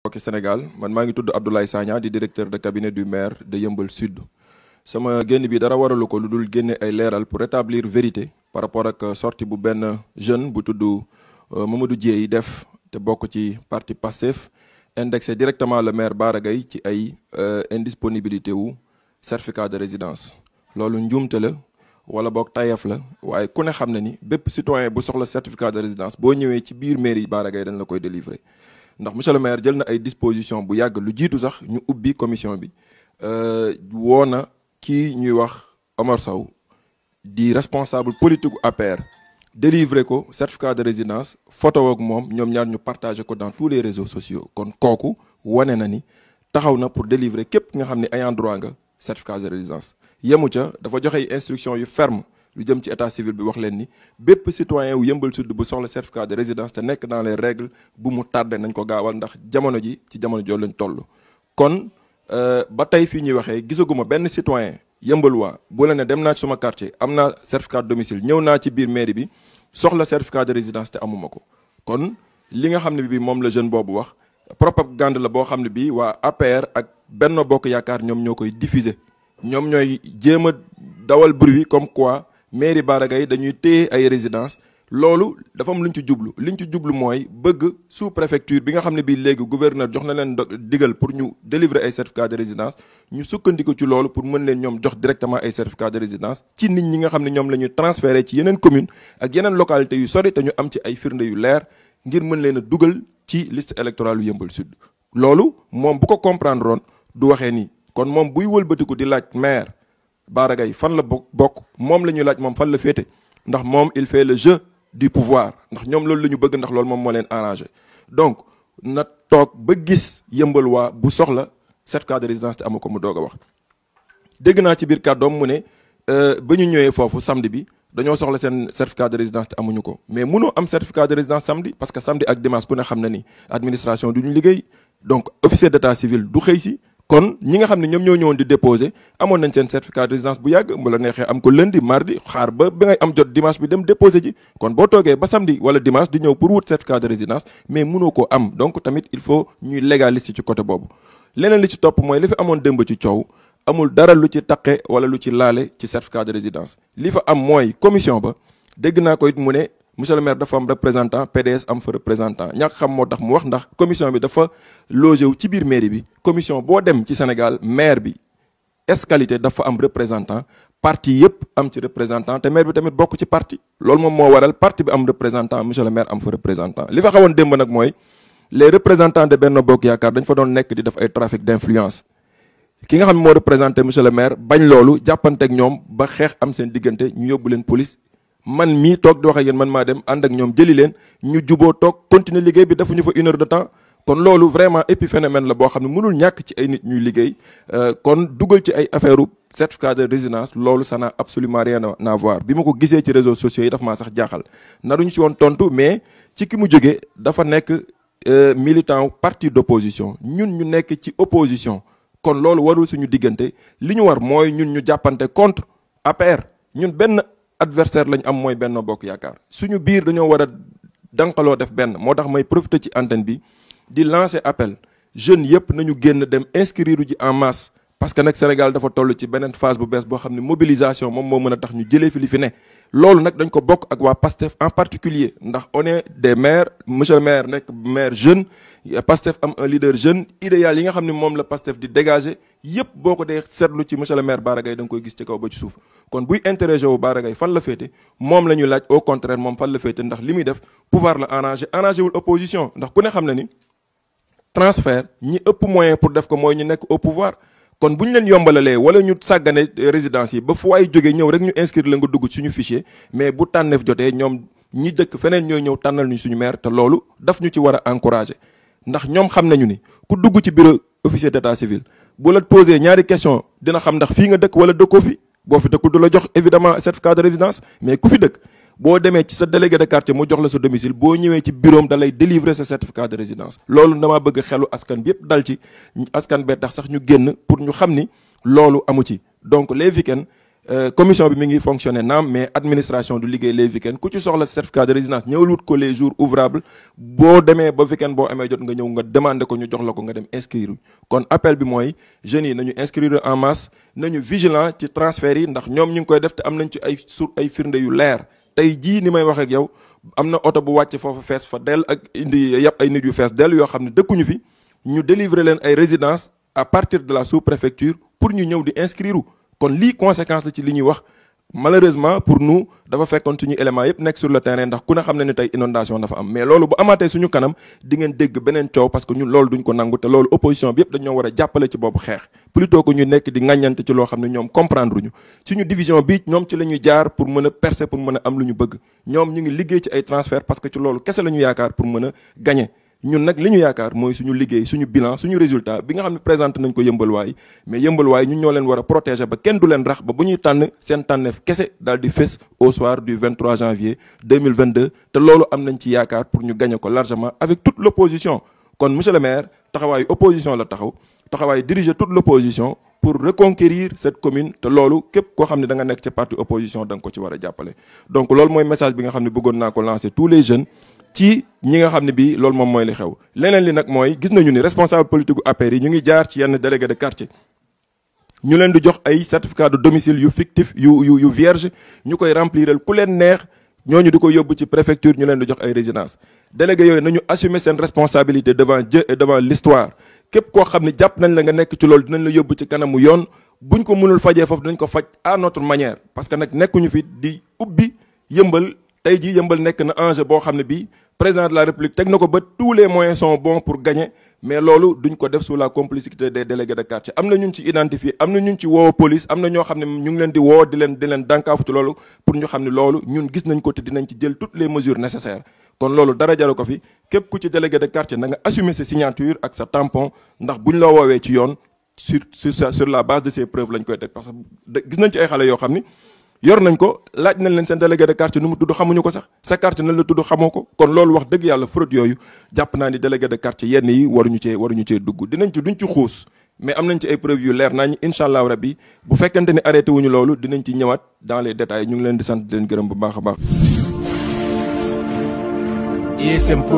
mbokki Sénégal man maa ngi tudd Abdoulaye Sagna di directeur de cabinet du maire de Yeumbeul Sud sama génn bi dara waralu ko lu dul génne ay leeral pour rétablir vérité par rapport ak sorti bu benn jeune bu tudd euh, Mamadou Dieye def te bokk ci parti Pastef indexé directement le maire Bara Gaye ci ay euh, indisponibilité wu certificat de résidence loolu njuumte la wala book tayef la waaye ku xam na ni bépp citoyen bu soxla certificat de résidence boo ñëwee ci biir mairie Bara dañ la koy délivrer ndax monsieur le maire jël na ay disposition bu yàgg lu jiitu sax ñu ubbi commission bi euh, woo na kii ñuy wax Omar Sow di responsable politique APR délivrer ko certificat de résidence photo ak moom ñoom ñaar ñu partagé ko dans tous les réseaux sociaux kon kooku wane na ni taxaw na pour délivrer képp nga xam ne ayant droit nga certificat de résidence yemu ca dafa joxe instruction yu ferme lu jëm ci état civil bi wax leen ni bépp citoyen wu yëmbal sud bu soxla certificat de résidence te nekk dans les règles bu mu tardé nañ ko gaawal ndax jamono ji ci jamono joo lañ toll. kon euh, ba tey fii ñuy waxee gisaguma benn citoyen yëmbal waa bu la ne dem naa ci suma quartier am naa certificat de domicile ñëw naa ci biir mairie bi soxla certificat de résidence te amuma ko kon li nga xam ne bi moom la jeune boobu wax propagande la boo xam ne bii waa APR ak Benno Bokk Yaakaar ñoom ñoo koy diffuser ñoom ñooy jéem a dawal bruit comme quoi. mairie Bara yi dañuy téye ay résidence loolu dafa am lu ñu ci jublu li ñu ci jublu mooy bëgg sous préfecture bi nga xam ne bii léegi gouverneur jox na leen digal pour ñu délivrer ay certificat de résidence ñu sukkandiku ci loolu pour mën leen ñoom jox directement ay certificat de résidence ci nit ñi nga xam ne ñoom la ñuy transféré ci yeneen commune ak yeneen localité yu sori te ñu am ci ay firnde yu leer ngir mën leen a dugal ci list électorale yu Yeumbeul Sud loolu moom bu ko comprendre woon du waxee nii kon moom buy wëlbatiku di laaj maire Bara Gaye fan la bokk moom la ñuy laaj moom fan la féete ndax moom il fait le jeu du pouvoir ndax ñoom loolu la ñu bëgg ndax loolu moom moo leen arrangé donc na toog ba gis yëmbal waa bu soxla certificat de résidence te amu ko mu doog a wax. dégg naa ci biir kàddoom mu ne euh, ba ñu ñëwee foofu samedi bi dañoo soxla seen certificat de résidence te amuñu ko mais mënoo am certificat de résidence samedi parce que samedi ak dimanche ku ne xam na ni administration du ñu liggéey donc officier d'état civil du xëy si. kon ñi nga xam ne ñoom ñoo ñëwoon di déposé amoon nañ seen certificat de résidence bu yàgg bu la neexee am ko lundi mardi xaar ba ba ngay am jot dimanche bi dem déposé ji kon boo toogee ba samedi wala dimanche di ñëw pour wut certificat de résidence mais mënoo koo am donc tamit il faut ñuy légaliste ci côté boobu leneen li ci topp mooy li fi amoon dëmb ci coow amul dara lu ci taqe wala lu ci laale ci certificat de résidence li fa am mooy commission ba dégg naa ko it mu ne monsieur le maire dafa am représentant PDS am fa représentant ñàkk xam moo tax mu wax ndax commission bi dafa logé wu ci biir mairie bi commission boo dem ci Sénégal maire bi escalité dafa am représentant parti yëpp am ci représentant te maire bi tamit bokk ci parti loolu moom moo waral parti bi am représentant monsieur le maire am fa représentant li fa xawoon démb nag mooy les représentants de benn Bokk Yaakaar dañ fa doon nekk di def ay trafic d'influence ki nga xam ne moo représenté monsieur le maire bañ loolu jàppanteeg ñoom ba am seen diggante ñu yóbbu leen police man mii toog di wax ak man maa dem ànd ak ñoom jëli leen ñu juboo toog continuer liggéey bi defuñu fa une de temps kon loolu vraiment épiphénomène la boo xam ne mënul ñàkk ci ay nit ñuy liggéey euh, kon dugal ci ay affaire certificat de résidence loolu ça n'a absolument rien à voir bi ma ko gisee ci réseaux sociaux yi dafa maa sax jaaxal naruñu si woon tontu mais ci ki mu jógee dafa nekk euh, militant parti d'opposition ñun ñu nekk ci opposition kon loolu warul suñu diggante li ñu war mooy ñun ñu jàppante contre APR ñun benn adversaire lañu am mooy Benno Bokk Yaakaar suñu biir dañoo war a danqaloo def benn moo tax may profité ci antenne bi di lancer appel jeunes yëpp nañu génn dem inscrire ji en masse parce que nag Sénégal dafa toll ci beneen phase bu bees boo xam ne mobilisation moom moo mën a tax ñu jëlee fi fi ne loolu nag dañ ko bokk ak waa PASTEF en particulier ndax on est maire maires monsieur le maire nekk maire jeune PASTEF am un leader jeune idéal yi nga xam ne moom la PASTEF di dégager yépp boo ko dee seetlu ci monsieur le maire Bara Gaye da koy gis ci kaw ba ci suuf kon buy interroger wu Bara Gaye fan la féete moom la ñu laaj au contraire moom fan la féete ndax li muy def pouvoir la arranger arranger wul opposition ne xam ne ni transfert ñi ëpp moyen pour def ko mooy ñu nekk au kon bu ñu leen yombalalee wala ñu sàggane euh, résidence yi ba fu ay jógee ñëw rek ñu inscrire la nga dugg suñu ficier mais bu tànneef jotee ñoom ñi dëkk feneen ñooy ñëw tànnal ñu suñu maire te loolu daf ñu ci war a encourager ndax ñoom xam nañu ni ku dugg ci bureau officier d'état civil bu la posé ñaari question dina xam ndax fii nga dëkk wala dëkkoo fi boo fi dëkkul du la jox évidemment certificat de résidence mais ku fi dëkk boo demee ci sa délégué de quartier mu jox la sa domicile boo ñëwee ci bureau da lay délivrer sa certificat de résidence loolu damaa bëgg xelu askan bi yëpp dal ci askan bee tax sax ñu génn pour ñu xam ni loolu amu ci donc les week-ends euh, commission bi mi ngi fonctionner naam mais administration du liggéey les week-ends ku ci soxla certificat de résidence ñëwal wut ko les jours ouvrables boo demee ba week-end boo amee jot nga ñëw nga demander ko ñu jox la ko nga dem inscrire kon appel bi mooy jeunes yi nañu inscrire en masse nañu vigilant ci transfert yi ndax ñoom ñu ngi koy def te am nañ ci ay sur ay firnde yu leer tey jii ni may wax ak yow am na oto bu wàccee foofu fees fa dell ak indi yàpp ay nit yu fees dell yoo xam ne dëkkuñu fi ñu délivrer leen ay résidence à partir de la sous-préfecture pour ñu ñëw di inscrire kon lii conséquence la ci li ñuy wax malheureusement pour nous dafa fekkoon suñu élément yëpp nekk sur le terrain ndax ku ne xam ne ni tey inondation dafa am mais loolu bu amaatee suñu kanam di ngeen dégg beneen coow parce que ñun loolu duñ ko nangu te loolu opposition bi yëpp dañoo war a jàppale ci boobu xeex plutôt que ñu nekk di ŋàññante ci loo xam ne ñoom comprendre ñu suñu division bi ñoom ci la ñuy jaar pour mën a percer pour mën a am lu ñu bëgg ñoom ñu ngi liggéey ci ay transfert que ci loolu kese la ñu yaakaar pour mën a ñun nag li ñu yaakaar mooy suñu liggéey suñu bilan suñu résultat bi nga xam ne présenté nañ ko yëmbal waay mais yëmbal waay ñun ñoo leen war a protéger ba kenn du leen rax ba bu ñuy tànn seen tànneef kese daal di fës au soir du 23 janvier te loolu am nañ ci yaakaar pour ñu gagné ko largement avec toute l' opposition kon monsieur le maire taxawaayu opposition la taxaw taxawaay diriger tout l' opposition pour reconquérir cette commune te loolu képp koo xam ne da nekk ci parti opposition da nga ko ci war a jàppale donc loolu mooy ne bëggoon naa ko lancer tous les jeunes ci ñi nga xam ne bii loolu moom mooy li xew leneen li nag mooy gis nañu ni responsable politique gu APR yi ñu ngi jaar ci yenn délégué de quartier ñu leen di jox ay certificat de domicile yu fictif yu yu yu vierge ñu koy rempliral ku leen neex ñoo ñu di ko yóbbu ci préfecture ñu leen di jox ay résidence délégué yooyu nañu assumé seen responsabilité devant Dieu et devant l'histoire képp koo xam ne jàpp nañ la nga nekk ci loolu dinañ la yóbbu ci kanamu yoon buñ ko mënul fajee foofu dinañ ko faj à notre manière parce que nag nekkuñu fi di ubbi yëmbal tey jii yëmbal nekk na enjeu boo xam ne bi président de la république teg na ko ba tous les moyens sont bons pour gagner mais loolu duñ ko def sous la complicité des délégués de quartier am na ñun ci identifier am na ñun ci woo police am na ñoo xam ne ñu ngi leen di woo di leen di leen dànkaafu ci loolu pour ñu xam ne loolu ñun gis nañ ko te dinañ ci jël toutes les mesures nécessaires kon loolu dara jaru ko fi képp ku ci délégué de quartier na nga sa signature ak sa la woowee ci yoon sur sur sur la base de ces preuves lañ parce que gis nañ ay xale yoo xam ni yor nañ ko laaj nañ leen seen délégué de quartier nu mu tudd xamuñu ko sax sa quartier nañ la tudd xamoo ko kon loolu wax dëgg yàlla fraude yooyu jàpp naa ni délégué de quartier yenn yi waruñu cee waruñu cee dugg dinañ ci duñ ci xuus mais am nañ ci ay preuve yu leer nañu incha allah rabbi bu fekkente ni arrêté wuñu loolu dinañ ci ñëwaat dans les détails ñu ngi leen di sant di leen gërëm bu baax a baax. ISM